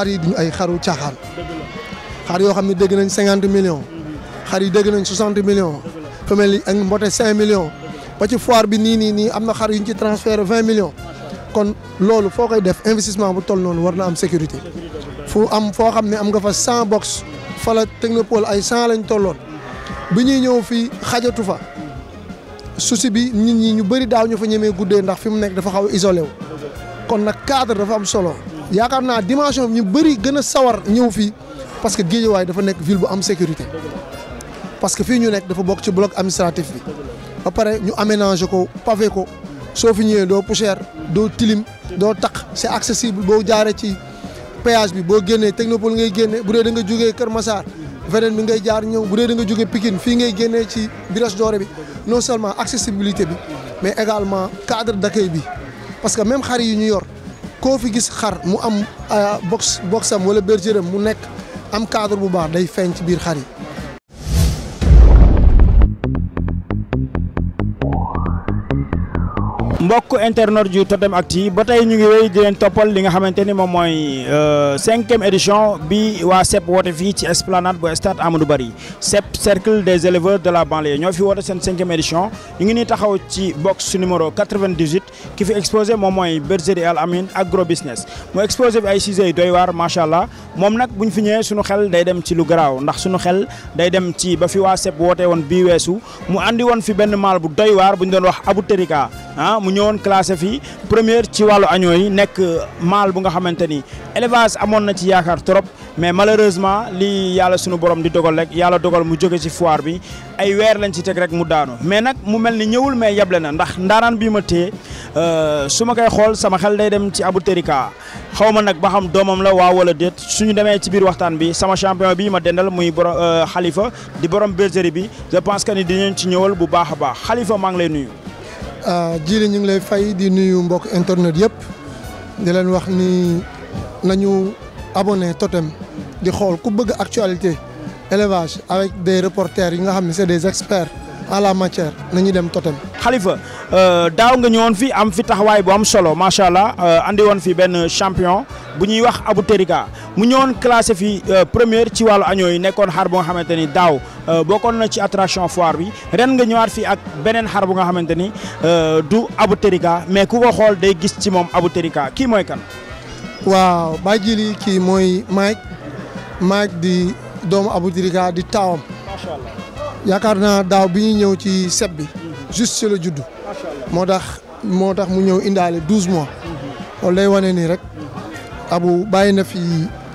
xar yi ay xaru tiaxar xar yo xamni ne nañ 50 millions xar yi dégg nañ 60 millions femelle yi ak mboté 5 millions ba ci foire bi ni ni ni amna xar yuñ ci transfert 20 millions kon lolu fokay def investissement bu toll non warna am sécurité fu am fo xamni am nga fa 100 box fa la technopole ay 100 lañ tollon bi ñuy ñëw fii xajatu fa souci bi nit ñi ñu bari daaw ñu fa ñëmé guddé ndax fimu nek dafa xaw isolé kon nak cadre dafa am solo yakarna dimension ñu bari gëna sawar ñëw fi parce que Guédiawaye dafa nekk ville bu am sécurité parce que fi ñu nekk dafa bok ci bloc administratif bi après ñu aménager ko pavé ko so fi ñëwee doo poussière do tilim do tak c'est accessible bo jaaree ci péage bi bo génné technopole ngay génné bu dee da nga joggé Kër Massar veneen bi ngay jaar ñëw bu dee da nga joggé Pikine fi ngay génné ci Brioche Dorée bi non seulement accessibilité bi mais également cadre d'accueil bi parce que même xari yu ñu yor. koo fi gis xar mu am euh, box boxam wala bergeram mu nekk am cadre bu baax day feeñ ci biir xar yi. mbokk internet ju Totem Actu ba tey ñu ngi wéy di toppal li nga xamante ni moom mooy euh, cinquième édition bi waa CEP woote fii ci esplanade bu stade Amadou Barry CEP cercle la banlieue ñoo fi woote seen cinquième édition ñu ngi ni taxaw ci box numéro 98 ki fi exposé moom mooy bergerie Al Amin agro business mu exposé bi ay sujets yu doy waar macha allah moom nag bu fi ñëwee suñu xel day dem ci lu garaaw ndax suñu xel day dem ci ba fi waa CEP woote woon bii weesu mu andi woon fi benn maal bu doy waar bu ñu doon wax Abu ah mu ñëwoon classé fii première ci wàllu agneau yi nekk euh, mâle bu nga xamante ni élevage amoon na ci yaakaar trop mais malheureusement li yàlla sunu borom di dogal rek yàlla dogal mu jóge ci foire bi ay weer lañ ci teg rek mu daanu mais nag mu mel ni ñëwul mais yable na ndax ndaanaan bii ma téye euh, su ma koy xool sama xel day dem ci Abu Terika xaw ma nag ba xam doomam la waaw wala déet suñu demee ci biir waxtaan bi sama champion bi ma dendal muy borom xalifa euh, di borom bergerie bi je pense que ni dinañ ci ñëwal bu baax a maa ngi lay nuyu. Euh, jii ñu ngi lay fay di nuyu mbokk internet yëpp di leen wax ni nañu abonné Totem di xool ku bëgg actualité élevage avec des reporters yi nga xam ne c'est des experts à la matière nañu dem Totem. Khalifa euh, daaw nga ñëwoon fi am fi taxawaay bu am solo macha allah euh, andi woon fi benn champion bu ñuy wax Abou Terika. mu ñëwoon classé fi euh, première ci wàllu agneau yi nekkoon xar bu nga xamante ni daaw euh, bokkoon na ci attraction foire bi ren nga ñëwaat fii ak beneen xar bu nga xamante ni euh, du Aboutrika mais ku ko xool day gis ci moom Aboutrika kii mooy kan. waaw baa jili kii mooy Mike Mike di doom abu Aboutrika di taawam. macha yaakaar naa daaw bi ñuy ñëw ci seb bi. juste ci la juddu. moo tax moo tax mu ñëw indi indaale douze mois. Mhm. loolu day wane nii rek. abu bàyyi na fi.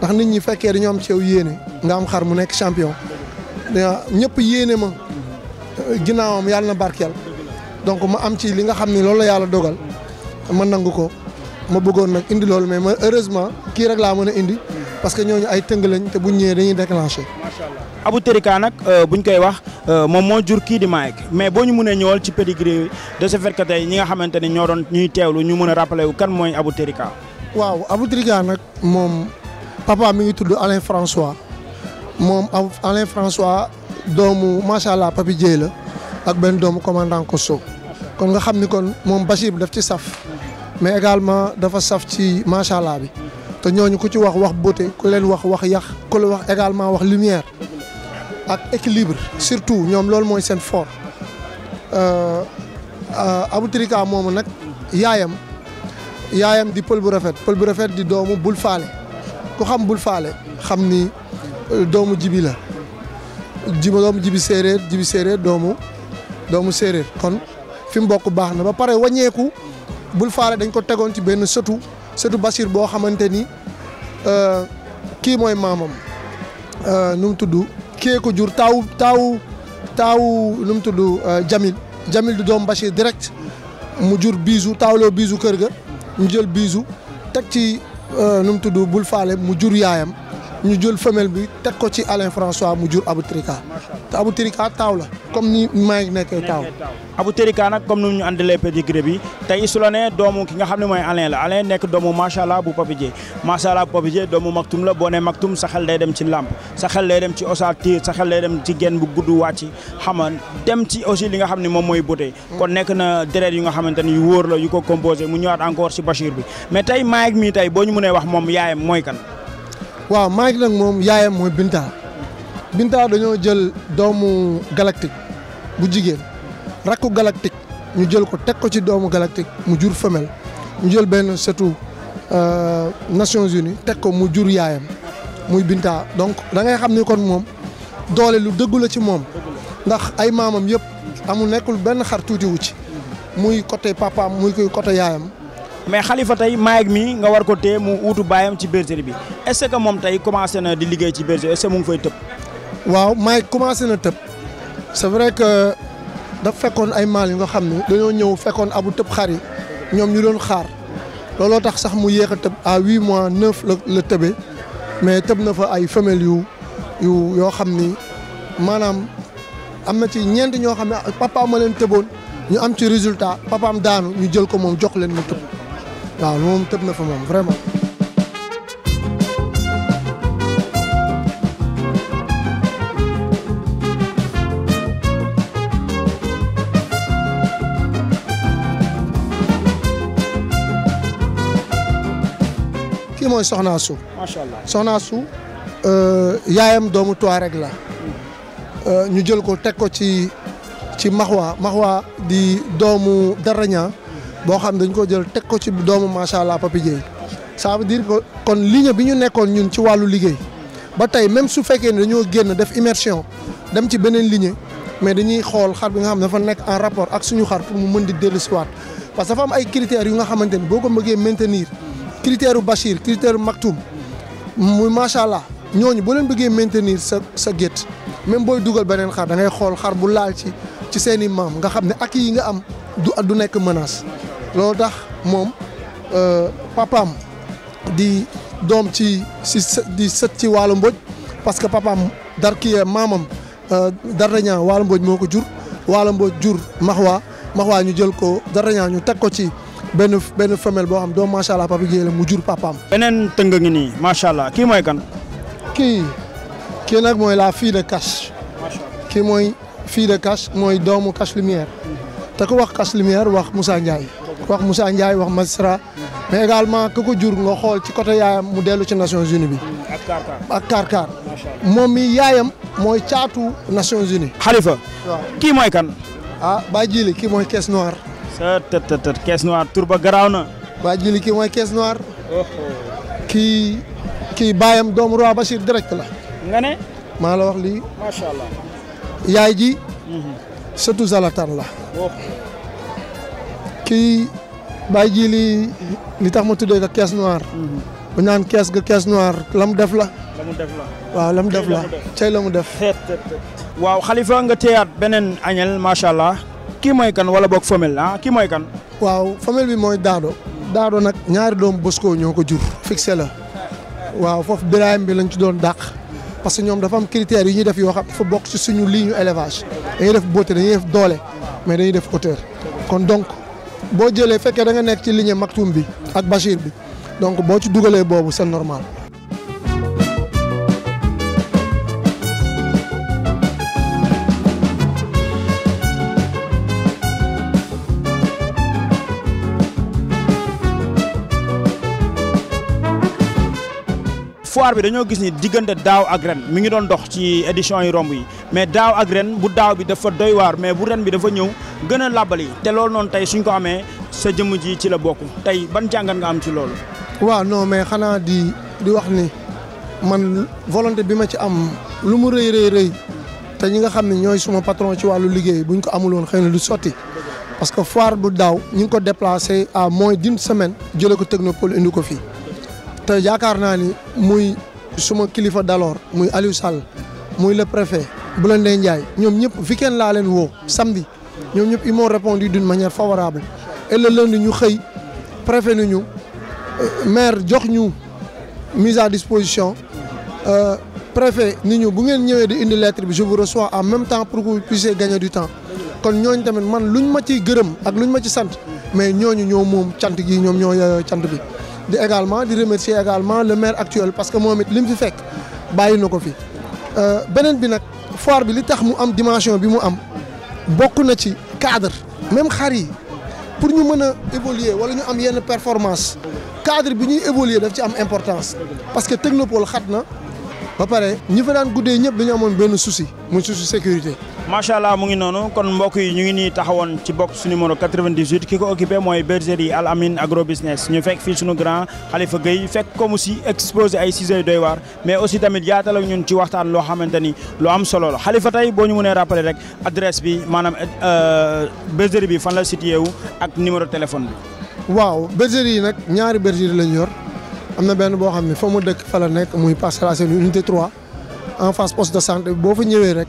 ndax nit ñi fekkee dañoo am ci yow yéene nga am xar mu nekk champion ñëpp yéene ma ginnaawam yàlla na barkeel donc ma am ci li nga xam ni loolu la yàlla dogal ma nangu ko ma bëggoon nag indi loolu mais ma heureusement kii rek laa mën a indi parce que ñooñu ay tëng lañ te buñ ñëwee dañuy déclenché. abu allah nag euh, buñ koy wax euh, moom moo jur kii di Mike mais boo ñu mënee ñëwal ci pedigree de ce fait que tey ñi nga xamante ni ñoo doon ñuy teewlu ñu mën a rappelé wu kan mooy Abou Terika. papa mu ngi tudd Alain François moom Alain François doomu macha allah papi Dieye la ak benn doomu commandant Kosso kon nga xam ni kon moom Bachir daf ci saf mais également dafa saf ci macha allah bi te ñooñu ku ci wax wax beauté ku leen wax wax yàq ku la wax également wax lumière ak équilibre surtout ñoom loolu mooy seen fort euh, euh, Abou Trika moomu nag yaayam yaayam di pël bu rafet pël bu rafet di doomu bul faale ku xam bul faale xam ni euh, doomu jibi la jiba doomu jibi séeréer jibi séeréer doomu doomu séeréer kon fi mu bokk baax na ba pare wàññeeku bul faale dañ ko tegoon ci benn sëtu sëtu bashir boo xamante ni euh, kii mooy maamam euh, nu mu tudd kee ko jur taaw taaw taaw nu mu tudd Jamil Jamil du doom Bachir direct mu jur biisu taawloo biisu kër ga mu jël biisu teg ci Euh, nu mu tudd bul faale mu jur yaayam ñu jul femelle bi teg ko ci Alain François mu jur Abou Trika te Abou Trika taaw la comme ni maa ngi nekkee taaw. Abou Trika nag comme ni ñu andalee pedigree bi tey su ne nee doomu ki nga xam ne mooy Alain la Alain nekk doomu macha allah bu Papi Dié macha allah bu Papi Dié doomu Maktoum la boo nee Maktoum sa xel day dem ci làmp sa xel day dem ci ossature sa xel day dem ci genn bu gudd wàcc xam nga dem ci aussi li nga xam ne moom mooy beauté. kon nekk na deret yi nga xamante ni yu ko composé mu ñëwaat encore ci Bachir bi mais tey maa mii tey boo ñu mënee wax moom yaayam mooy kan waaw Mike nag moom yaayam mooy Binta Binta dañoo jël doomu galactique bu jigéen rakku galactique ñu jël ko teg ko ci doomu galactique mu jur femelle ñu jël benn setu euh, Nations uni teg ko mu jur yaayam muy Binta donc da ngay xam ni kon moom doole lu dëggu la ci moom ndax ay maamam yëpp amul nekkul benn xar tuutiwu ci muy côté papaam muy koy côté yaayam. mais Khalifa tay tey ak mi nga war ko té mu outou bayam ci bergerie bi est-ce que mom tay commencé na di liggéey ci bergerie est-ce que mu ngi fay tëb. waaw maag commencé na tëb c'est vrai que da fekkone ay mal yu nga xamni ne ñew fekkone fekkoon abu tëb xar yi ñu doon xaar lolo tax sax mu yéex a tëb à huit mois 9 le, la tëbee mais tëb na fa ay femelles yu yu yo xamni manam amna ci ñeent ño xamni papa ma leen tëboon ñu am ci résultat papaam daanu ñu jël ko mom jox leen mu tëb. waaw moom tëb na fa moom vraiment. kii mooy Soxna Su. macha allah Soxna Su. Euh, yaayam doomu rek la euh, ñu jël ko teg ko ci ci Mahwa Mahwa di doomu Daraña. bo xam dañ ko jël tek ko ci doomu macha allah jey Dieye ça veut dire que kon ligne bi ñu ñun ci walu ba tay même su fekké dañu génn def immersion dem ci benen ligne mais dañuy xol xar bi nga xam dafa nekk en rapport ak suñu xar pour mu mënd di ci wat parce que dafa am ay critères yu nga xamanteni boko boo maintenir critère u Bachir critère u Maktoum muy macha allah ñooñu boo leen bëggee maintenir sa sa get même boy dugal benen xar da ngay xol xar bu laal ci ci seeni mam nga xamne ak yi nga am du du nek menace lolu tax moom euh, papam di dom ci si di set ci walu mboj parce que papam dar mamam maamam euh, dardañaa wàllu mboj jur walu mboj jur mahwa mahwa ñu jël ko dardañaa ñu tek ko ci ben ben femelle bo xam doom macha allah papa Guèye mu jur papam benen teung ngi nii macha allah kii mooy kan. Ki, ki nak moy la fille de Cash. ki moy fille de Cash moy doomu Cash Lumière mm-hmm. te wax Cash Lumière wax Moussa Ndiaye. wax Moussa Ndiaye wax Masra mais également ku ko jur nga xool ci côté yaayam mu dellu ci Nations Unies bi. ak Karkar ak moom mi yaayam mooy caatu Nations Unies. xalifa waaw kii mooy kan. ah Baye Djili kii mooy caisse noire. sa tët tët tët ba garaaw na. Baye Djili kii mooy caisse noire. kii kii baayam doom roi Bachir direct la. nga ne. maa la wax lii. macha allah. yaay ji. Mhm. surtout Zalatan la. kii. bàyyi ji li li tax ma tuddee ko caisse noire. bu mhm. naan caisse ga caisse noire la def la. mu def la waaw la mu def la cay la mu def. waaw xalifa nga teeyaat beneen añel macha allah kii mooy kan wala boog femelle ah kii mooy kan. waaw femelle bi mooy Daado. Daado nag ñaari doom Bosco ñoo ko jur. fixé la waaw foofu Birahim bi lañ ci doon dàq. parce que ñoom dafa am critères yu ñuy def yoo xam dafa bokk si suñu ligne élevage. dañuy def beauté dañuy def doole mais dañuy def hauteur kon donc. boo jëlee fekkee da nga nekk ci lignée Maktoum bi ak Bachir bi donc boo ci dugalee boobu seen normal foire bi dañoo gis ni diggante daaw ak ren mi ngi doon dox ci édition yi romb yi mais daaw ak ren bu daaw bi dafa doy waar mais bu ren bi dafa ñëw gën a làbbali te lool noonu tey suñ ko amee sa jëmm ji ci la bokk tey ban jàngat nga am ci loolu. waaw noo mais xanaa di di wax ni man volonté bi ma ci am lu mu rëy rëy te ñi nga xam ne ñooy suma patron ci wàllu liggéey buñ ko amuloon woon xëy na du sotti. parce que foire bu daaw ñu ngi ko déplacé à moins d'une semaine jëlee ko technopole indi ko fii. te yaakaar naa ni muy suma kilifa d'alors muy Aliou Sall muy le préfet Blondin Ndiaye ñom ñep weekend la len wo samedi ñom ñep ils m'ont répondu d'une manière favorable et le lundi ñu xey préfet ni ñu euh, maire jox ñu mise à disposition euh, préfet ni ñu bu ngeen ñëwé di indi lettre bi je vous reçois en même temps pour que vous puissiez gagner du temps kon ñooñu tamen man luñ ma ciy gërëm ak luñ ma ci sant mais ñoñu ñoo mom cant gi ñoom ñoo cant bi di également di remercier également le maire actuel parce que moi lim li mu fi fekk bàyyi na ko fi euh, benen bi nak foire bi li tax mu am dimension bi mu am bokku na ci cadre même xari pour ñu mën évoluer wala ñu am yenn performance cadre bi ñuy évoluer daf ci am importance parce que technopole xatna ba paré ñu fa daan goudé ñëpp dañu amoon benn souci mu souci sécurité macha allah mu ngi noonu kon mbok yi ñu ngi ni taxawon ci box numéro 98 kiko ko occupé mooy bergerie Al amin agro business ñu fekk fi suñu grand Khalifa Gueye fekk comme aussi exposé ay sujets yu doy war mais aussi tamit yaatal ak ñun ci waxtaan lo xamanteni ni lu am solo la Khalifa tay bo ñu mëne rappeler rek adresse bi manam euh bergerie bi fan la situé wu ak numéro téléphone bi. waaw bergerie nak ñaari bergerie lañ yor amna benn bo xamni fa mu dëkk fa la nekk muy Parcelles Assainies unité 3 en face poste de santé bo fa ñëwé rek.